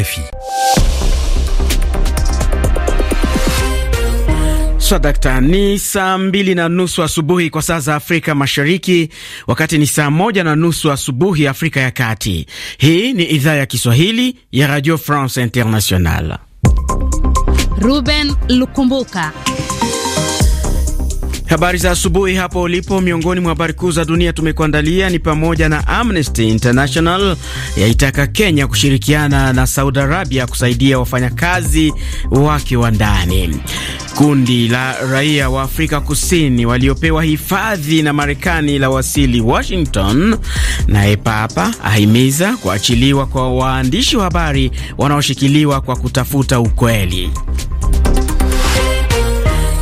RFI. So, dakta ni saa mbili na nusu asubuhi kwa saa za Afrika Mashariki, wakati ni saa moja na nusu asubuhi Afrika ya Kati. Hii ni idhaa ya Kiswahili ya Radio France international Ruben Lukumbuka Habari za asubuhi hapo ulipo. Miongoni mwa habari kuu za dunia tumekuandalia ni pamoja na Amnesty International yaitaka Kenya kushirikiana na Saudi Arabia kusaidia wafanyakazi wake wa ndani. Kundi la raia wa Afrika Kusini waliopewa hifadhi na Marekani la wasili Washington. Naye Papa ahimiza kuachiliwa kwa waandishi wa habari wanaoshikiliwa kwa kutafuta ukweli.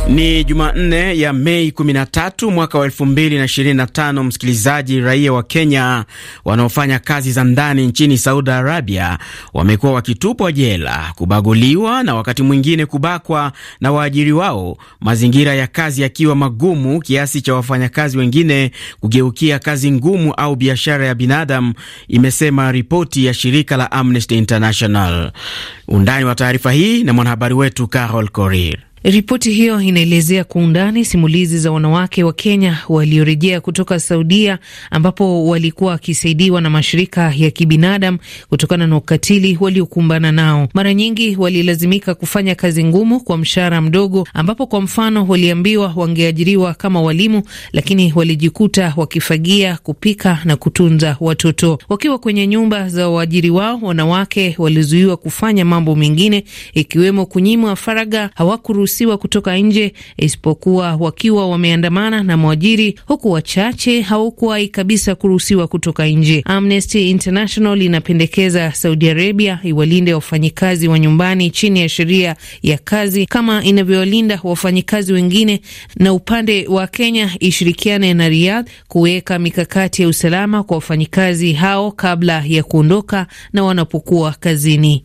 Ni Jumanne ya Mei 13 mwaka wa 2025. Msikilizaji, raia wa Kenya wanaofanya kazi za ndani nchini Saudi Arabia wamekuwa wakitupwa jela, kubaguliwa na wakati mwingine kubakwa na waajiri wao, mazingira ya kazi yakiwa magumu kiasi cha wafanyakazi wengine kugeukia kazi ngumu au biashara ya binadamu, imesema ripoti ya shirika la Amnesty International. Undani wa taarifa hii na mwanahabari wetu Carol Korir. Ripoti hiyo inaelezea kwa undani simulizi za wanawake wa Kenya waliorejea kutoka Saudia ambapo walikuwa wakisaidiwa na mashirika ya kibinadamu kutokana na ukatili waliokumbana nao. Mara nyingi walilazimika kufanya kazi ngumu kwa mshahara mdogo, ambapo kwa mfano waliambiwa wangeajiriwa kama walimu, lakini walijikuta wakifagia, kupika na kutunza watoto. Wakiwa kwenye nyumba za waajiri wao, wanawake walizuiwa kufanya mambo mengine ikiwemo kunyimwa faragha, hawakuru kuruhusiwa kutoka nje isipokuwa wakiwa wameandamana na mwajiri, huku wachache hawakuwahi kabisa kuruhusiwa kutoka nje. Amnesty International inapendekeza Saudi Arabia iwalinde wafanyikazi wa nyumbani chini ya sheria ya kazi kama inavyowalinda wafanyikazi wengine, na upande wa Kenya ishirikiane na Riyadh kuweka mikakati ya usalama kwa wafanyikazi hao kabla ya kuondoka na wanapokuwa kazini.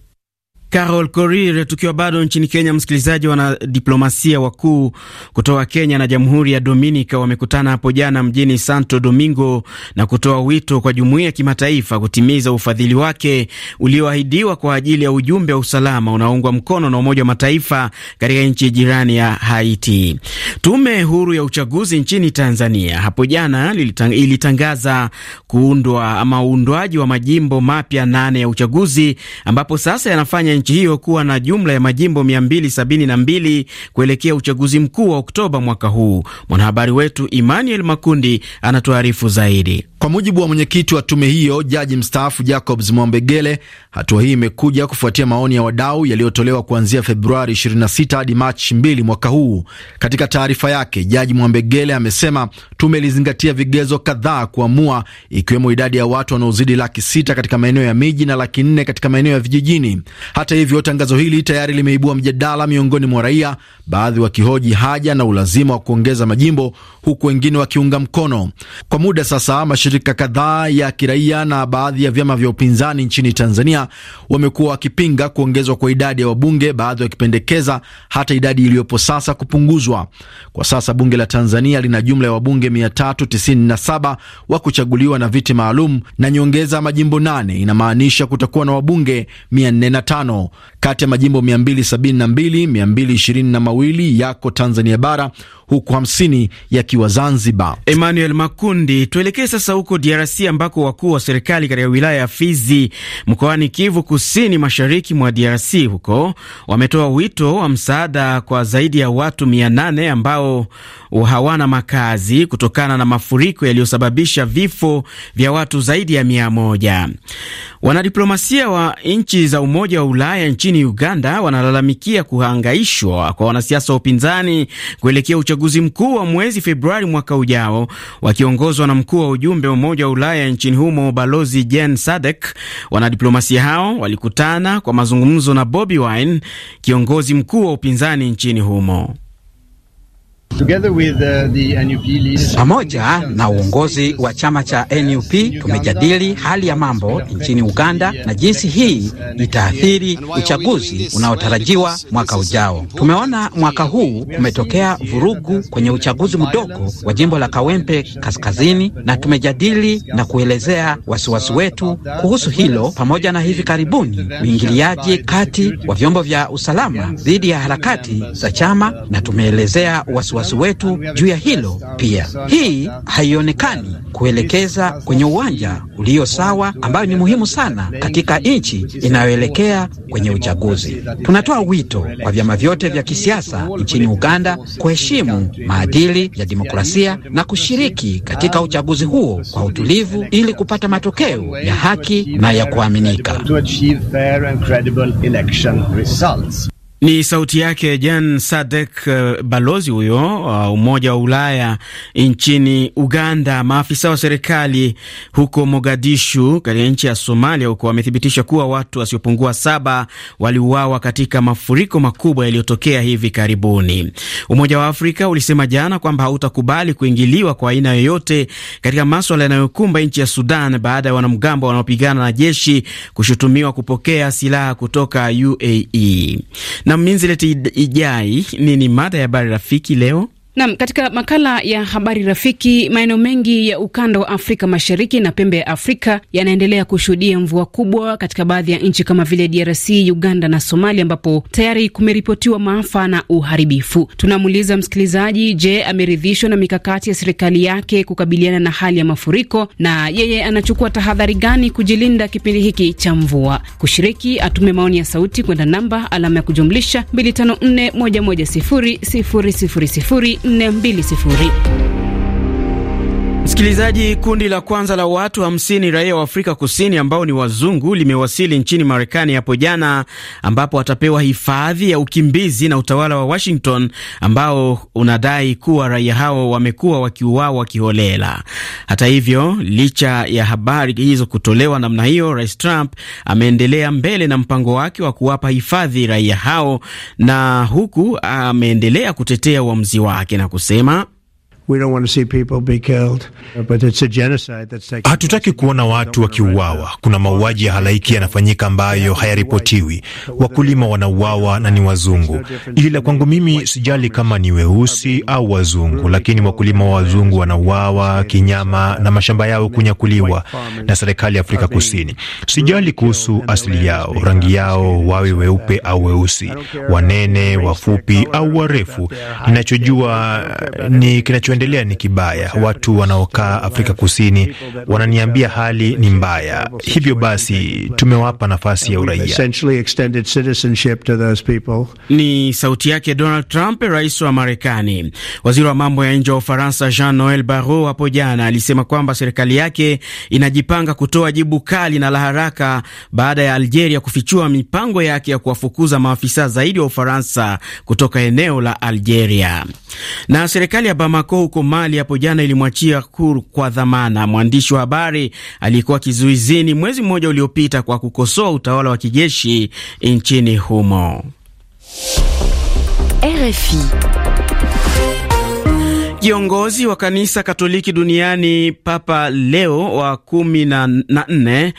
Carol Korir. Tukiwa bado nchini Kenya, msikilizaji, wanadiplomasia wakuu kutoka Kenya na Jamhuri ya Dominica wamekutana hapo jana mjini Santo Domingo na kutoa wito kwa jumuiya ya kimataifa kutimiza ufadhili wake ulioahidiwa kwa ajili ya ujumbe wa usalama unaoungwa mkono na Umoja wa Mataifa katika nchi jirani ya Haiti. Tume huru ya uchaguzi nchini Tanzania hapo jana ilitangaza kuundwa ama uundwaji wa majimbo mapya nane ya uchaguzi ambapo sasa yanafanya nchi hiyo kuwa na jumla ya majimbo 272 kuelekea uchaguzi mkuu wa Oktoba mwaka huu. Mwanahabari wetu Emmanuel Makundi anatuarifu zaidi. Kwa mujibu wa mwenyekiti wa tume hiyo, jaji mstaafu Jacobs Mwambegele, hatua hii imekuja kufuatia maoni ya wadau yaliyotolewa kuanzia Februari 26 hadi Machi 2 mwaka huu. Katika taarifa yake, jaji Mwambegele amesema tume ilizingatia vigezo kadhaa kuamua, ikiwemo idadi ya watu wanaozidi laki sita katika maeneo ya miji na laki nne katika maeneo ya vijijini. Hata hivyo, tangazo hili tayari limeibua mjadala miongoni mwa raia baadhi wakihoji haja na ulazima wa kuongeza majimbo, huku wengine wakiunga mkono. Kwa muda sasa, mashirika kadhaa ya kiraia na baadhi ya vyama vya upinzani nchini Tanzania wamekuwa wakipinga kuongezwa kwa idadi ya wabunge, baadhi wakipendekeza hata idadi iliyopo sasa kupunguzwa. Kwa sasa bunge la Tanzania lina jumla ya wabunge 397 wa kuchaguliwa na viti maalum na nyongeza majimbo nane inamaanisha kutakuwa na wabunge 405. Kati ya majimbo 272 222 yako Tanzania bara huku 50 yakiwa Zanzibar. Emmanuel Makundi, tuelekee sasa huko DRC ambako wakuu wa serikali katika wilaya ya Fizi mkoani Kivu Kusini, mashariki mwa DRC huko wametoa wito wa msaada kwa zaidi ya watu 800 ambao hawana makazi kutokana na mafuriko yaliyosababisha vifo vya watu zaidi ya 100. Wanadiplomasia wa nchi za Umoja wa Ulaya nchini nchini Uganda wanalalamikia kuhangaishwa kwa wanasiasa wa upinzani kuelekea uchaguzi mkuu wa mwezi Februari mwaka ujao, wakiongozwa na mkuu wa ujumbe wa Umoja wa Ulaya nchini humo Balozi Jen Sadek. Wanadiplomasia hao walikutana kwa mazungumzo na Bobi Wine, kiongozi mkuu wa upinzani nchini humo. Uh, pamoja na uongozi wa chama cha uh, NUP tumejadili hali ya mambo nchini Uganda uh, na jinsi hii itaathiri uchaguzi unaotarajiwa mwaka ujao. Tumeona mwaka huu umetokea vurugu kwenye uchaguzi mdogo wa jimbo la Kawempe Kaskazini, na tumejadili na kuelezea wasiwasi wetu kuhusu hilo, pamoja na hivi karibuni uingiliaji kati wa vyombo vya usalama dhidi ya harakati za chama, na tumeelezea wasiwasi wasiwasi wetu juu ya hilo pia. Hii haionekani kuelekeza kwenye uwanja ulio sawa, ambayo ni muhimu sana katika nchi inayoelekea kwenye uchaguzi. Tunatoa wito kwa vyama vyote vya kisiasa nchini Uganda kuheshimu maadili ya demokrasia na kushiriki katika uchaguzi huo kwa utulivu ili kupata matokeo ya haki na ya kuaminika. Ni sauti yake Jan Sadek, eh, balozi huyo wa eh, Umoja wa Ulaya nchini Uganda. Maafisa wa serikali huko Mogadishu katika nchi ya Somalia huko wamethibitisha kuwa watu wasiopungua saba waliuawa katika mafuriko makubwa yaliyotokea hivi karibuni. Umoja wa Afrika ulisema jana kwamba hautakubali kuingiliwa kwa aina yoyote katika maswala yanayokumba nchi ya Sudan baada ya wanamgambo wanaopigana na jeshi kushutumiwa kupokea silaha kutoka UAE na mminzileti ijai. Nini mada ya habari rafiki leo? Nam, katika makala ya habari rafiki, maeneo mengi ya ukanda wa Afrika Mashariki na pembe ya Afrika yanaendelea kushuhudia mvua kubwa katika baadhi ya nchi kama vile DRC, Uganda na Somalia, ambapo tayari kumeripotiwa maafa na uharibifu. Tunamuuliza msikilizaji, je, ameridhishwa na mikakati ya serikali yake kukabiliana na hali ya mafuriko na yeye anachukua tahadhari gani kujilinda kipindi hiki cha mvua? Kushiriki, atume maoni ya sauti kwenda namba alama ya kujumlisha 254 110 000 420. Msikilizaji, kundi la kwanza la watu hamsini raia wa Afrika Kusini ambao ni wazungu limewasili nchini Marekani hapo jana, ambapo watapewa hifadhi ya ukimbizi na utawala wa Washington ambao unadai kuwa raia hao wamekuwa wakiuawa kiholela. Hata hivyo, licha ya habari hizo kutolewa namna hiyo, Rais Trump ameendelea mbele na mpango wake wa kuwapa hifadhi raia hao, na huku ameendelea kutetea uamuzi wake na kusema Hatutaki kuona watu wakiuawa. Kuna mauaji ya halaiki yanafanyika ambayo hayaripotiwi. Wakulima wanauawa na ni wazungu. Ila kwangu mimi sijali kama ni weusi au wazungu, lakini wakulima wa wazungu wanauawa kinyama na mashamba yao kunyakuliwa na serikali ya Afrika Kusini. Sijali kuhusu asili yao, rangi yao, wawe weupe au weusi, wanene, wafupi au warefu. Ninachojua ni kinachoendelea kinachoendelea ni kibaya. Watu wanaokaa Afrika Kusini wananiambia hali ni mbaya, hivyo basi tumewapa nafasi ya uraia. Ni sauti yake Donald Trump, rais wa Marekani. Waziri wa mambo ya nje wa Ufaransa Jean Noel Barrot hapo jana alisema kwamba serikali yake inajipanga kutoa jibu kali na la haraka baada ya Algeria kufichua mipango yake ya kuwafukuza maafisa zaidi wa Ufaransa kutoka eneo la Algeria. Na serikali ya Bamako huko Mali hapo jana ilimwachia Kur kwa dhamana mwandishi wa habari aliyekuwa kizuizini mwezi mmoja uliopita kwa kukosoa utawala wa kijeshi nchini humo. RFI. Kiongozi wa kanisa Katoliki duniani Papa Leo wa kumi na nne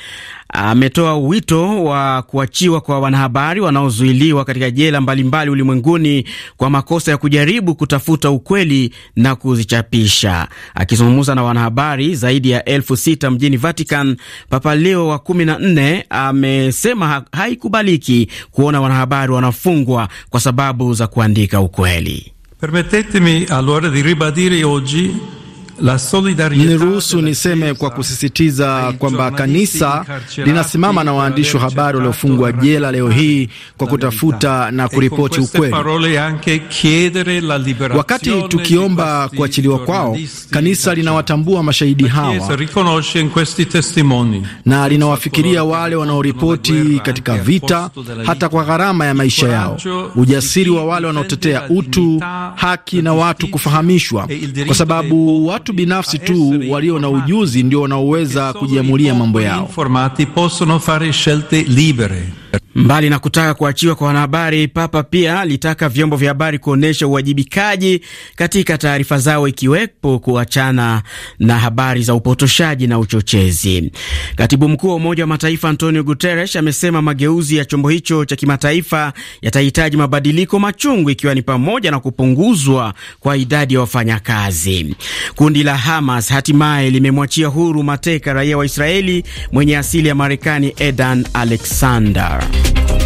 ametoa wito wa kuachiwa kwa wanahabari wanaozuiliwa katika jela mbalimbali ulimwenguni kwa makosa ya kujaribu kutafuta ukweli na kuzichapisha. Akizungumza na wanahabari zaidi ya elfu sita mjini Vatican, Papa Leo wa kumi na nne amesema haikubaliki kuona wanahabari wanafungwa kwa sababu za kuandika ukweli. Permettetemi allora di ribadire oggi Niruhusu niseme kwa kusisitiza kwamba kanisa linasimama na waandishi wa habari waliofungwa jela leo hii kwa kutafuta na kuripoti ukweli. Wakati tukiomba kuachiliwa kwao, kanisa linawatambua mashahidi hawa na linawafikiria wale wanaoripoti katika e vita, hata kwa gharama ya maisha yao, ujasiri wa wale wanaotetea utu, haki na watu kufahamishwa, e kwa sababu watu watu binafsi tu walio na ujuzi ndio wanaoweza kujiamulia mambo yao. Mbali na kutaka kuachiwa kwa wanahabari, Papa pia alitaka vyombo vya habari kuonyesha uwajibikaji katika taarifa zao, ikiwepo kuachana na habari za upotoshaji na uchochezi. Katibu mkuu wa Umoja wa Mataifa Antonio Guterres amesema mageuzi ya chombo hicho cha kimataifa yatahitaji mabadiliko machungu, ikiwa ni pamoja na kupunguzwa kwa idadi ya wafanyakazi. Kundi la Hamas hatimaye limemwachia huru mateka raia wa Israeli mwenye asili ya Marekani Edan Alexander. Thank you.